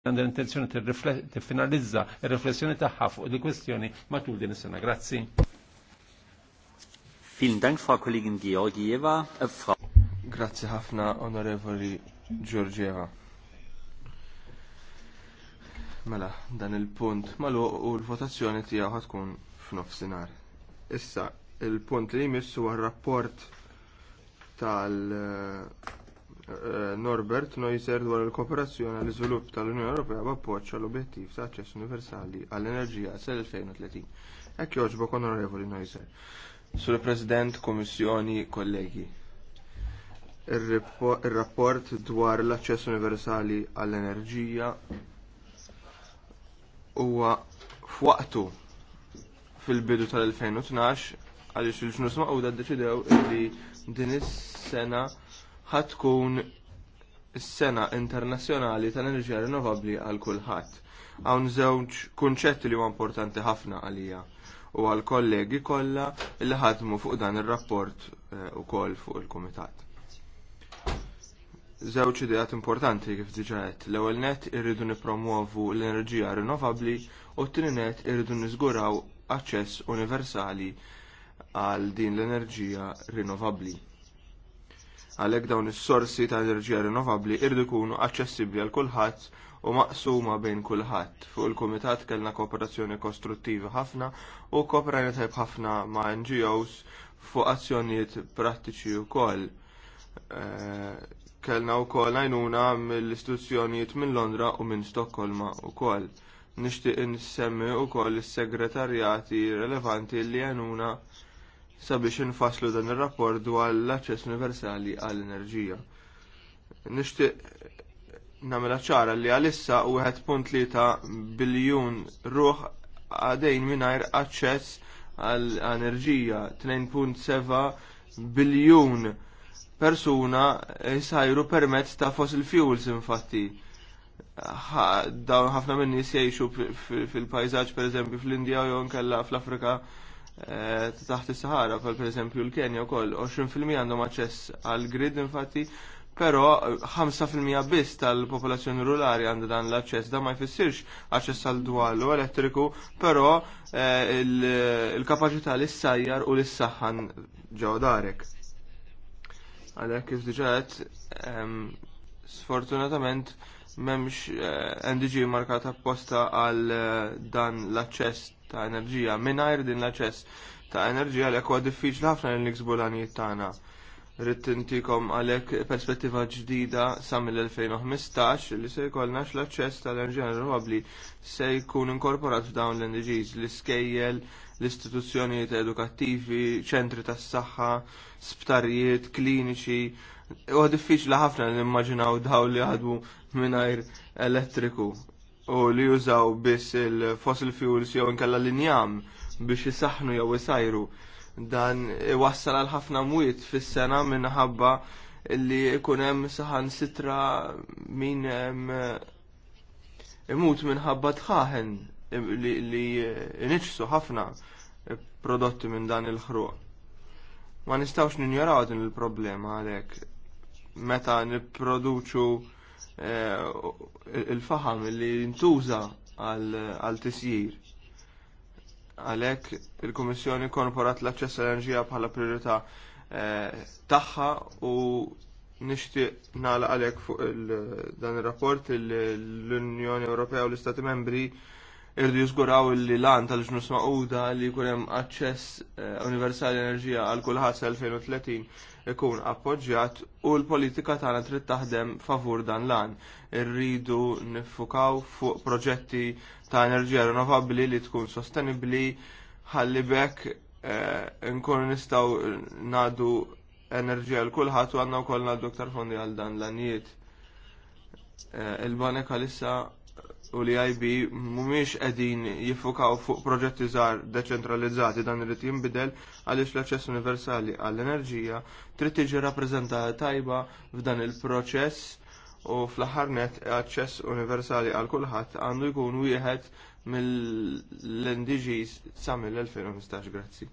għandha l-intenzjoni tiffinalizza il riflessjoni tagħha fuq di kwestjoni matul din is-sena. Grazzi. Vielen Dank, Frau Kollegin Georgieva. Äh, Frau Grazie ħafna, Onorevoli Georgieva. Mela, dan il-punt malu u l-votazzjoni tiegħu f'nof f'nofsinhar. Issa, il-punt li jmissu għal rapport tal- Eh, Norbert Neuser dwar il-kooperazzjoni għall iżvilupp tal-Unjoni Ewropea b'appoġġ għall obiettiv ta' aċċess universali għall-enerġija sal-2030. Hekk jogħġbok Onorevoli Neuser. Sur President, Kummissjoni, kollegi. Ir-rapport dwar l-aċċess universali għall-enerġija huwa f'waqtu fil-bidu tal-2012 għaliex il-ġnus maqgħuda ddeċidew li din is-sena ħatkun s-sena internazzjonali tal-enerġija rinnovabbli għal kulħadd. Hawn żewġ kunċetti li huwa importanti ħafna għalija u għal kollegi kollha li ħadmu fuq dan ir-rapport eh, ukoll fuq il-kumitat. Żewġ ideat importanti kif diġà qed. L-ewwel nett irridu nippromuovu l-enerġija rinnovabbli u t-tieni nett irridu niżguraw aċċess universali għal din l-enerġija rinnovabbli Għalhekk dawn is-sorsi ta' enerġija rinnovabbli irdu jkunu aċċessibbli għal kulħadd u maqsuma bejn kulħadd. Fuq il-Kumitat kellna kooperazzjoni kostruttivi ħafna u kooperajna tajb ħafna ma' NGOs fuq azzjonijiet prattiċi wkoll. Eh, kellna wkoll għajnuna mill-istituzzjonijiet minn Londra u minn Stokkolma wkoll. Nixtieq insemmi wkoll is-segretarjati relevanti li għajnuna sabiex infaslu dan ir-rapport dwar l-aċċess universali għall-enerġija. Nixtieq nagħmilha ċara li għalissa u 1.3 biljun ruħ għadejn mingħajr aċċess għall-enerġija 2.7 biljun persuna jsajru permezz ta' fossil fuels infatti. Dawn ħafna minn nies jgħixu fil-pajzaġġ pereżempju fl-Indja jew nkella fl-Afrika Eh, taħt is-Sahara, pal eżempju l-Kenja wkoll 20% għandhom aċċess għal grid infatti, però 5% biss tal-popolazzjoni rurali għandha dan l-aċċess, da ma jfissirx aċċess għal dwalu elettriku, però eh, il-kapaċità l sajjar u l-saħħan ġew darek. Għalhekk kif diġà ehm, sfortunatament m'hemmx eh, NDG markata apposta għal dan l-aċċess ta' enerġija mingħajr din l-aċċess ta' enerġija għalhekk huwa diffiċli ħafna li niksbu l-għanijiet tagħna. Rrid tintikom għalhekk perspettiva ġdida sa mill-2015 li se jkollna l-aċċess tal-enerġija rinnovabbli se jkun inkorporat f'dawn l-NDGs l-iskejjel, l-istituzzjonijiet edukattivi, ċentri tas-saħħa, sptarijiet, kliniċi, U diffiċli ħafna li immaġinaw daw li għadu mingħajr elettriku u li jużaw biss il-fossil fuels jew inkella l-injam biex jisaħnu jew isajru. Dan iwassal għal ħafna mwiet fis-sena minħabba li ikun hemm saħan sitra min imut minħabba tħaħen li niċsu ħafna prodotti minn dan il-ħruq. Ma nistawx ninjoraw din il-problema għalhekk Meta nipproduċu Eh, il-faħam li jintuża għal tisjir. Għalhekk il-Kummissjoni korporat l-aċċess l enerġija bħala priorità eh, tagħha u nixtieq nagħlaq għalhekk fuq dan ir-rapport l-Unjoni Ewropea u l-Istati Membri irdu jizguraw li lan tal-ġnus maquda li kunem aċċess eh, universali enerġija għal kulħadd sa 2030 ikun appoġġjat u l-politika tagħna trid taħdem favur dan lan. Irridu niffukaw fuq proġetti ta' enerġija rinnovabbli li tkun sostenibbli ħalli bekk eh, nkunu nistgħu ngħadu enerġija l kulħadd u għandna wkoll ngħaddu aktar fondi għal dan l-anijiet. Eh, il-banek għalissa u li IB mumiex edin jiffukaw fuq proġetti żgħar deċentralizzati dan irid jinbidel għaliex l-aċċess universali għall-enerġija trid tiġi rappreżentata tajba f'dan il-proċess u fl-aħħar net aċċess universali għal kulħadd għandu jkun wieħed mill-NDGs sa mill-2015. Grazzi.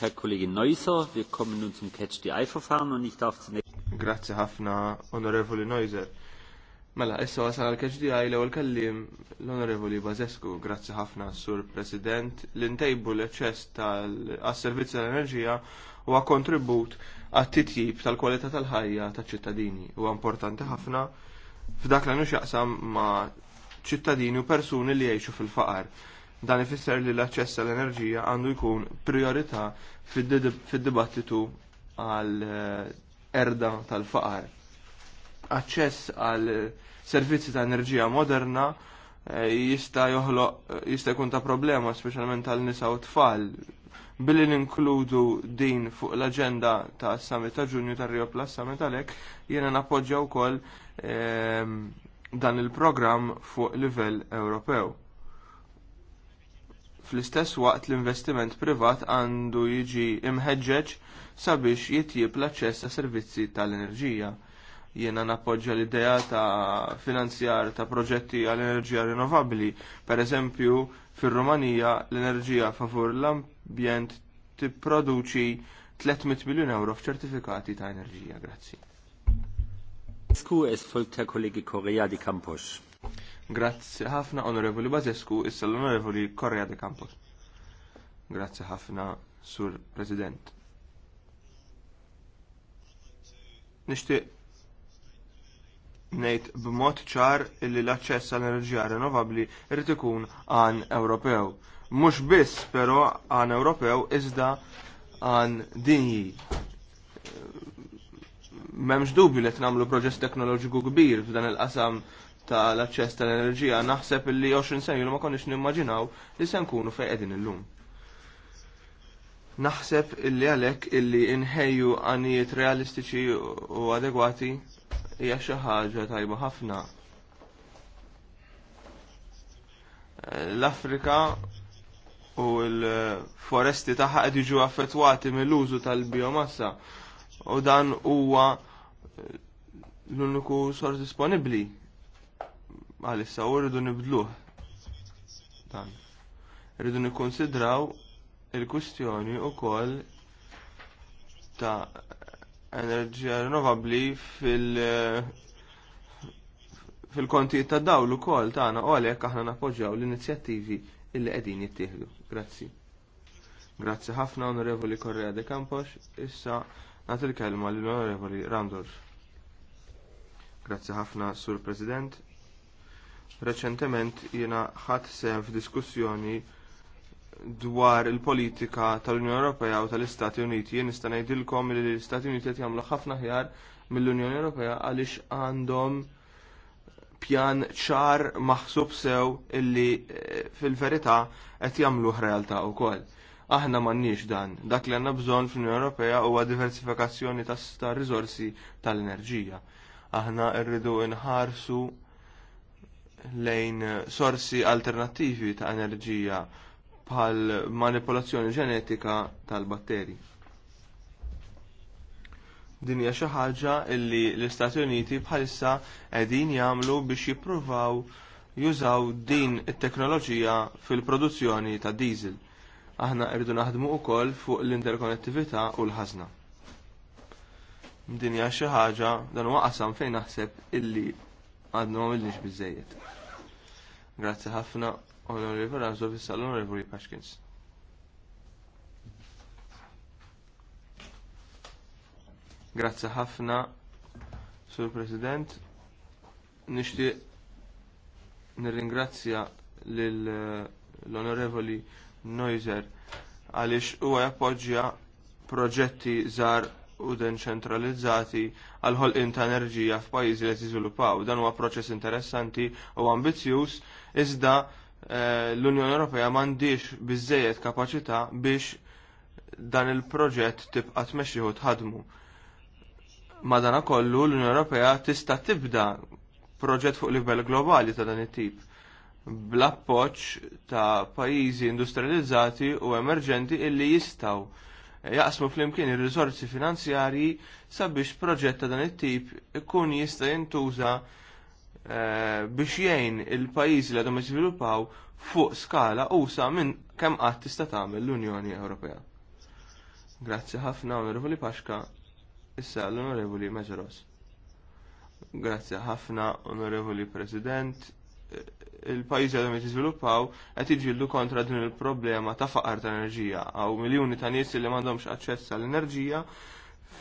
Herr Kollege Neusser, wir kommen nun zum Catch the Eye-Verfahren und ich darf zunächst. Grazie ħafna, Onorevoli Neuser. Mela, issa wasal għal keċdi għajla u l-kellim l-Onorevoli Bazescu, grazzi ħafna sur President, l-intejbu l-eċess tal-servizz tal-enerġija u kontribut għat titjib tal kualita tal-ħajja ta' ċittadini u importanti ħafna f'dak l-għanu xaqsam ma' ċittadini u persuni li jgħixu fil-faqar. Dan ifisser li l-aċċess tal-enerġija għandu jkun priorità fid-dibattitu għal eh, erda tal-faqar aċċess għal servizzi ta' enerġija moderna eh, jista' joħlo jista' jkun ta' problema speċjalment għal nisa u tfal billi ninkludu din fuq l-aġenda ta' summit ta' Ġunju ta' Rio Plus Summit għalhekk jiena nappoġġja wkoll ehm, dan il-programm fuq livell Ewropew. Fl-istess waqt l-investiment privat għandu jiġi imħeġġeġ sabiex jitjib l-aċċess ta' servizzi tal-enerġija Jiena nappoġġa l-idea ta' finanzjar ta' proġetti għall enerġija rinnovabbli. Per eżempju, fir-Rumanija l-enerġija favur l-ambjent tipproduċi 300 miljun euro f'ċertifikati ta' enerġija. Grazzi. Sku es folta kollegi Korea di Campos. Grazzi ħafna onorevoli Bazescu, issa l-onorevoli Korea de Campos. Grazzi ħafna, Sur President. Nishtiq ngħid b'mod ċar li l-aċċess għall enerġija rinnovabbli rrid ikun għan Ewropew. Mhux biss però għan Ewropew iżda għan dinji. M'hemmx dubju li qed nagħmlu proġess teknoloġiku kbir f'dan il-qasam tal-aċċess tal-enerġija naħseb li 20 sen ma konniex nimmaġinaw li se nkunu fejn qegħdin illum. Naħseb illi għalek illi inħejju għanijiet realistiċi u adegwati hija xi ħaġa tajba ħafna. L-Afrika u l-foresti tagħha qed jiġu affettwati mill-użu tal-biomassa u dan huwa l-uniku sors disponibbli għalissa u rridu nibdluh dan. Rridu nikkonsidraw il-kustjoni wkoll ta' enerġija rinnovabbli fil- fil ta' dawl ukoll tagħna u għalhekk aħna nappoġġjaw l-inizjattivi illi qegħdin jittieħdu. Grazzi. Grazzi ħafna Onorevoli Correa de Campos, issa nagħti l-kelma lill onorevoli Randolph. Grazzi ħafna Sur President. Reċentement jiena ħadt sehem f'diskussjoni dwar il-politika tal-Unjoni Ewropea u tal-Istati Uniti, jien nista' ngħidilkom li l-Istati Uniti qed jagħmlu ħafna ħjar mill-Unjoni Ewropea għaliex għandhom pjan ċar maħsub sew illi eh, fil-verità qed jagħmluh realtà wkoll. Aħna m'għandniex dan, dak li għandna bżonn fl-Unjoni Ewropea huwa diversifikazzjoni ta' riżorsi tal-enerġija. Aħna rridu nħarsu lejn sorsi alternattivi ta' enerġija bħal manipolazzjoni ġenetika tal-batteri. Din hija xi ħaġa li l-Istati Uniti bħalissa qegħdin jagħmlu biex jippruvaw jużaw din it-teknoloġija fil-produzzjoni ta' diesel. Aħna rridu naħdmu wkoll fuq l-interkonnettività u l-ħażna. Din hija xi ħaġa dan huwa qasam fejn naħseb illi għadna ma biżżejjed. Grazzi ħafna Onorevoli Azov issa l-Onorevoli Pashkins. Grazzi ħafna, Sur President. Nishti nirringrazzja eh, l-Onorevoli Noiser għaliex huwa jappoġġja proġetti żgħar u deċentralizzati għal ħolqien ta' enerġija f'pajjiżi li jiżviluppaw. Dan huwa proċess interessanti u ambizzjuż iżda Eh, l-Unjoni Ewropea m'għandix biżżejjed kapaċità biex dan il-proġett tibqa' tmexxieħu tħadmu. Madana kollu l-Unjoni Ewropea tista' tibda proġett fuq livell globali ta' dan it-tip bl-appoġġ ta' pajjiżi industrializzati u emerġenti illi jistgħu jaqsmu flimkien ir-risorsi finanzjarji sabiex proġett ta' dan it-tip ikun jista' jintuża Eh, biex jgħin il-pajjiżi li għadhom jiżviluppaw fuq skala usa minn kemm qatt tista' tagħmel l-Unjoni Ewropea. Grazzi ħafna Onorevoli Paxka, issa l-Onorevoli Meġeros. Grazzi ħafna Onorevoli President, il-pajjiżi għadhom jiżviluppaw qed jiġġieldu kontra din il-problema ta' faqar ta' enerġija għaw miljuni ta' nies li m'għandhomx aċċess għall-enerġija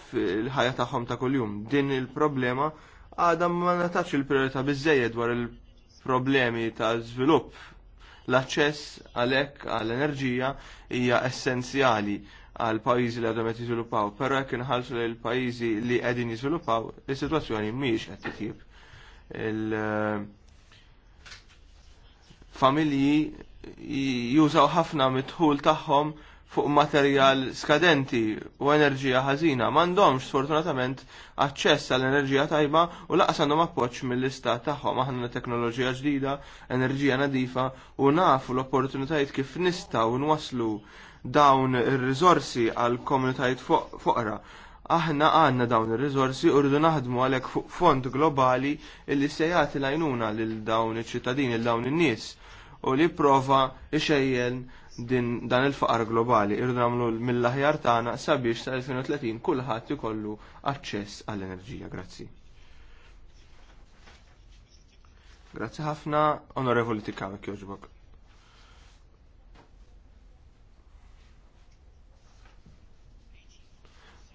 fil-ħajja tagħhom ta' kuljum. Din il-problema għadha ma natax il-priorità biżejjed dwar il-problemi ta' żvilupp. L-aċċess għalhekk għall-enerġija hija essenzjali għal pajjiżi li għadhom qed jiżviluppaw, però jekk inħallsu lil pajjiżi li qegħdin jiżviluppaw, is-sitwazzjoni mhijiex qed titjib. Il-familji jużaw ħafna mitħul tagħhom fuq materjal skadenti u enerġija ħażina m'għandhomx sfortunatament aċċess għall enerġija tajba u laqas għandhom appoġġ mill-istat tagħhom aħna teknoloġija ġdida, enerġija nadifa u nafu l-opportunitajiet kif nistgħu nwasslu dawn ir-riżorsi għal komunitajiet foqra. Aħna għandna dawn ir-riżorsi u rridu naħdmu għalhekk fuq fond globali li se jagħti lajnuna lil dawn iċ-ċittadini, lil dawn in-nies u li prova ixejjen din dan il-faqar globali irdu nagħmlu mill-aħjar tagħna sabiex sa 2030 kulħadd ikollu aċċess għall-enerġija. Grazzi. Grazzi ħafna, onorevoli Tikawek joġbok.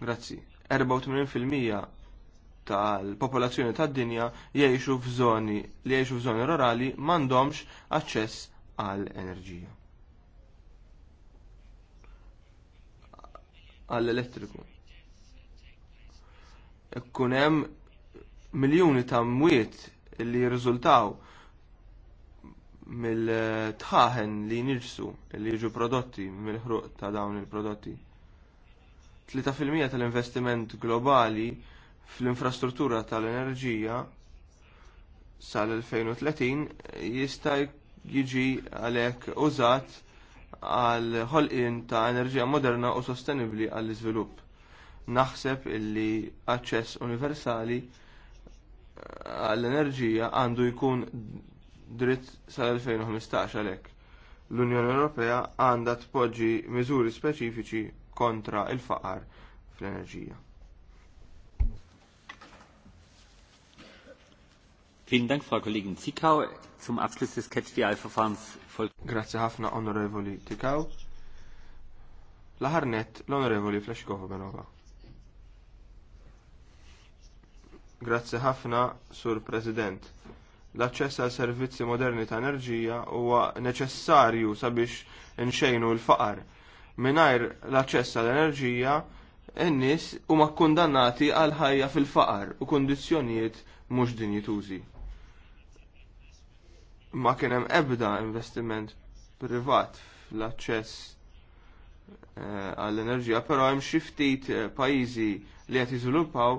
Grazzi. 84% tal-popolazzjoni tad-dinja jgħixu f'żoni li jgħixu f'żoni rurali m'għandhomx aċċess għall enerġija. għall-elettriku. Ekkun hemm miljuni ta' mwiet li jirriżultaw mill-tħaħen li nirsu li jiġu prodotti mill-ħruq ta' dawn il-prodotti. 3% tal-investiment globali fl-infrastruttura tal-enerġija sal-2030 jista' jiġi għalhekk użat għal ħolqien ta' enerġija moderna u sostenibbli għall iżvilupp Naħseb illi aċċess universali eh, għall enerġija għandu jkun dritt sal-2015 għalhekk. L-Unjoni Ewropea għandha tpoġġi miżuri speċifiċi kontra l faqar fl-enerġija. Vielen Dank, Frau Kollegin Zikau. Zum Abschluss des Catch the Eye-Verfahrens folgt. Grazie ħafna, Onorevoli Zikau. Laħarnet, l-Onorevoli Fleshkova Benova. Grazie ħafna, Sur President. L-aċċess għal servizzi moderni ta' enerġija huwa neċessarju sabiex nxejnu l-faqar. Minajr l-aċċess għal enerġija, n-nis huma kkundannati għal ħajja fil-faqar u kondizzjonijiet mhux dinjitużi ma kien hemm ebda investiment privat fl-aċċess eh, għall-enerġija, però hemm xi ftit eh, pajjiżi li qed jiżviluppaw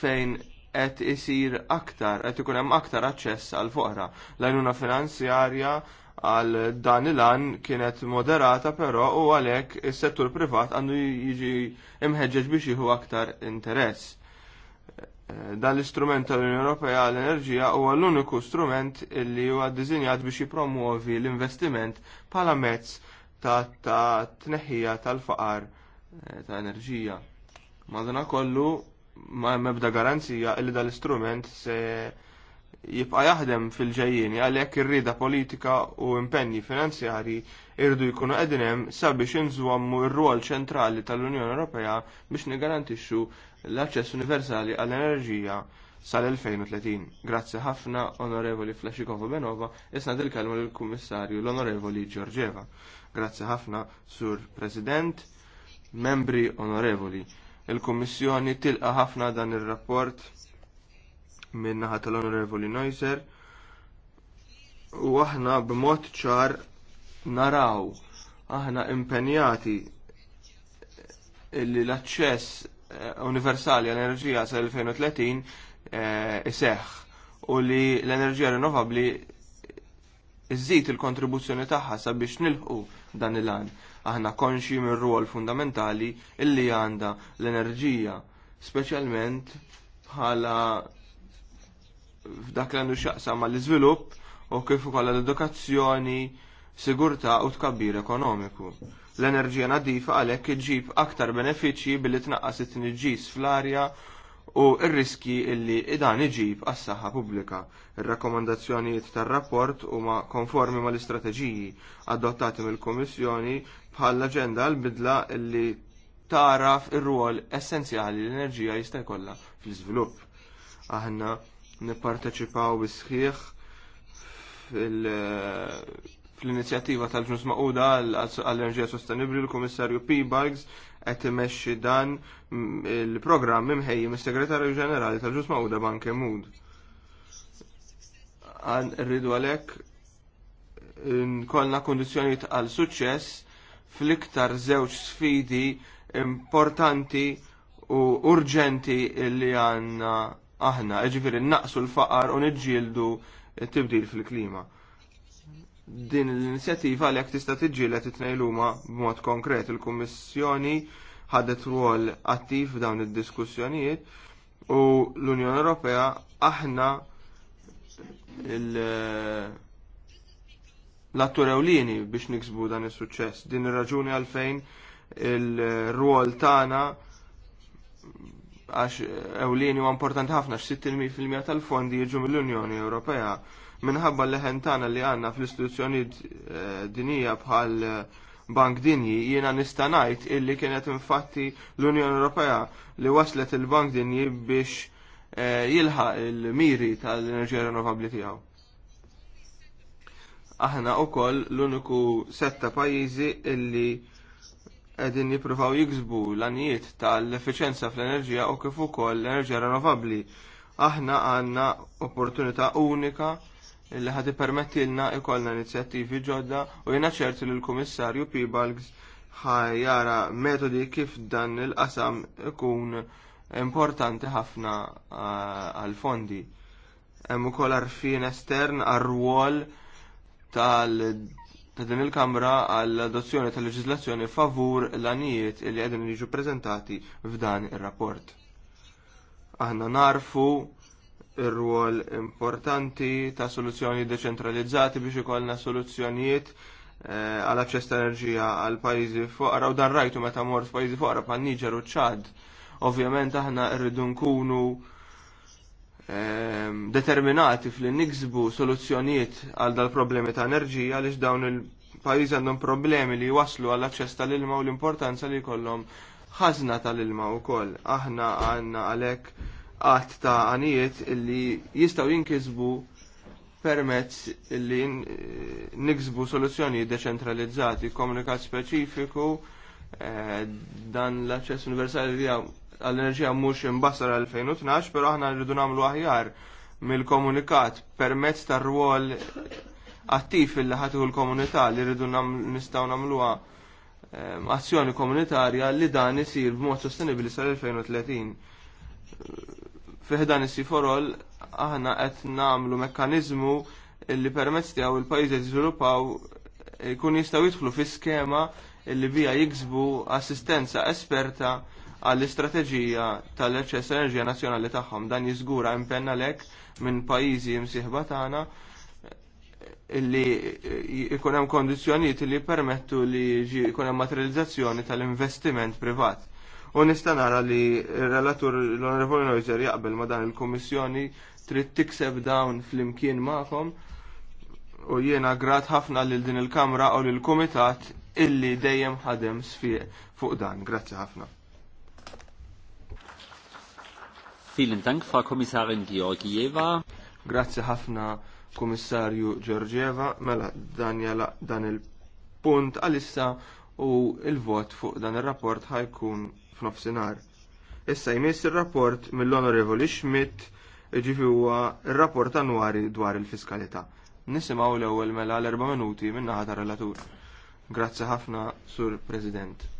fejn qed isir aktar, qed ikun hemm aktar aċċess għal foqra. L-għajnuna finanzjarja għal dan il-għan kienet moderata però u għalhekk is-settur privat għandu jiġi imħeġġeġ biex jieħu aktar interess dan l-istrument tal-Unjoni Ewropea għall-Enerġija huwa l-uniku strument li huwa ddisinjat biex jipromuovi l-investiment bħala mezz ta', tneħħija tal-faqar eh, ta' enerġija. Madanakollu kollu ma' mebda garanzija li dal-istrument se jibqa' jaħdem fil-ġejjieni għalhekk ir-rieda politika u impenni finanzjarji irdu jkunu qegħdin hemm sabiex inżwammu r-rwol ċentrali tal-Unjoni Ewropea biex nigarantixxu l-aċċess universali għall-enerġija sal-2030. Grazzi ħafna Onorevoli Flashikova Benova, isna dil-kelma lill-Kummissarju l-Onorevoli Giorgeva. Grazzi ħafna Sur President, membri onorevoli. Il-Kummissjoni tilqa ħafna dan ir-rapport min-naħa tal-Onorevoli Neuser u aħna b'mod ċar naraw aħna impenjati li l-aċċess eh, universali għal enerġija sa' 2030 eh, iseħħ u li l-enerġija rinnovabbli iżżid il-kontribuzzjoni tagħha sabiex nilħu dan il-għan. Aħna konxi minn ruol fundamentali illi għandha l-enerġija, speċjalment bħala f'dak l-għandu xaqsa ma l izvilup u kif ukoll l-edukazzjoni, sigurtà u tkabbir ekonomiku. L-enerġija nadifa għalhekk iġib aktar benefiċċji billi tnaqqas it-tniġġis fl-arja u r-riski illi dan iġib għas saħħa pubblika. Ir-rakkomandazzjonijiet tar-rapport huma konformi mal istrateġiji adottati mill-Kummissjoni bħall-aġenda l-bidla illi taraf ir-rwol essenzjali l-enerġija jista' jkollha fl-iżvilupp. Aħna nipparteċipaw bisħiħ fl-inizjattiva tal-ġnus maquda għall-enerġija sostenibli l-Komissarju P. Bugs qed imexxi dan il-programm imħejji mis-Segretarju Ġenerali tal-ġnus maquda Ban Kemud. Għan rridu għalhekk nkollna kondizzjonijiet għal suċċess fl-iktar żewġ sfidi importanti u urġenti li għanna aħna, ġifiri naqsu l-faqar u nġildu tibdil fil-klima. Din l-inizjattiva li għak tista tġilet it b'mod konkret il-Kommissjoni ħadet ruol attiv dawn id-diskussjonijiet u l-Unjoni Ewropea aħna l-attur ewlieni biex niksbu dan is-suċċess. Din ir-raġuni għalfejn il-rwol tagħna għax ewlieni u importanti ħafna x-60% tal-fondi jiġu mill-Unjoni Ewropea minħabba l-leħentana li għanna fl-istituzzjoni eh, dinija bħal eh, Bank Dinji jiena nista' ngħid illi kienet infatti l-Unjoni Ewropea li waslet il-Bank Dinji biex eh, jilħaq il-miri tal-enerġija rinnovabbli tiegħu. Aħna wkoll l-uniku setta pajjiżi illi qegħdin jippruvaw jiksbu l-anijiet tal-efficienza fl-enerġija u kif ukoll l-enerġija rinnovabbli. Aħna għandna opportunità unika li ħad permettilna ikollna inizjattivi ġodda u jiena ċerti li l-Kummissarju Pibalgs ħajjara metodi kif dan il-qasam ikun importanti ħafna għal-fondi. Hemm ukoll għarfien estern għar-rwol tal ta' din il-Kamra għall adozzjoni tal leġiżlazzjoni favur l-anijiet li qegħdin jiġu ppreżentati f'dan ir-rapport. Aħna narfu ir-rwol importanti ta' soluzzjoni deċentralizzati biex ikollna soluzzjonijiet eh, għal aċċess ta' enerġija għal pajjiżi foqra u dan rajtu meta mort f'pajjiżi foqra pan Niġer u Ċad. Ovvjament aħna rridu nkunu Ehm, determinati fl niksbu soluzzjonijiet għal dal-problemi ta' enerġija għalix dawn il-pajjiż għandhom problemi li waslu għall aċċess tal-ilma u l-importanza li jkollhom ħazna tal-ilma wkoll. Aħna għandna għalhekk għat ta' għanijiet illi jistgħu jinkisbu permezz li eh, niksbu soluzzjoni deċentralizzati, komunikat speċifiku, eh, dan l-aċċess universali li għall-enerġija mhux imbassar għal 2012, però aħna rridu nagħmlu aħjar mill-komunikat permezz tar-rwol attiv illi ħatiħu l-komunità li rridu nistgħu nagħmluha ehm, azzjoni komunitarja li dan isir b'mod sostenibbli sal-2030. Fiħdan issi forol aħna qed nagħmlu mekkaniżmu li permezz tiegħu il-pajjiżi jiżviluppaw jkun jistgħu jidħlu fi skema illi bija jiksbu assistenza esperta għall-istrateġija tal-enerġija nazzjonali tagħhom. Dan jiżgura impenna lek minn pajjiżi msieħba tagħna li jkun hemm kondizzjonijiet li jippermettu li jkun hemm materializzazzjoni tal-investiment privat. U nista' nara li r-relatur l-Onorevoli Noiser jaqbel ma dan il-Kummissjoni trid tikseb dawn fl-imkien magħhom u jiena grat ħafna lil din il-Kamra u lil Kumitat illi dejjem ħadem sfiq fuq dan. Grazzi ħafna. Vielen Dank, Frau Kommissarin Georgieva. Grazie ħafna, Kommissarju Georgieva. Mela, Daniela, dan il-punt għalissa u il-vot fuq dan il-rapport ħajkun f'nofsinhar. Issa jmiss il-rapport mill-Onorevoli Schmidt ġifi huwa il-rapport annwari dwar il-fiskalità. Nisimaw l-ewwel mela l-erba' minuti minnaħa ta' relatur Grazzi ħafna, Sur President.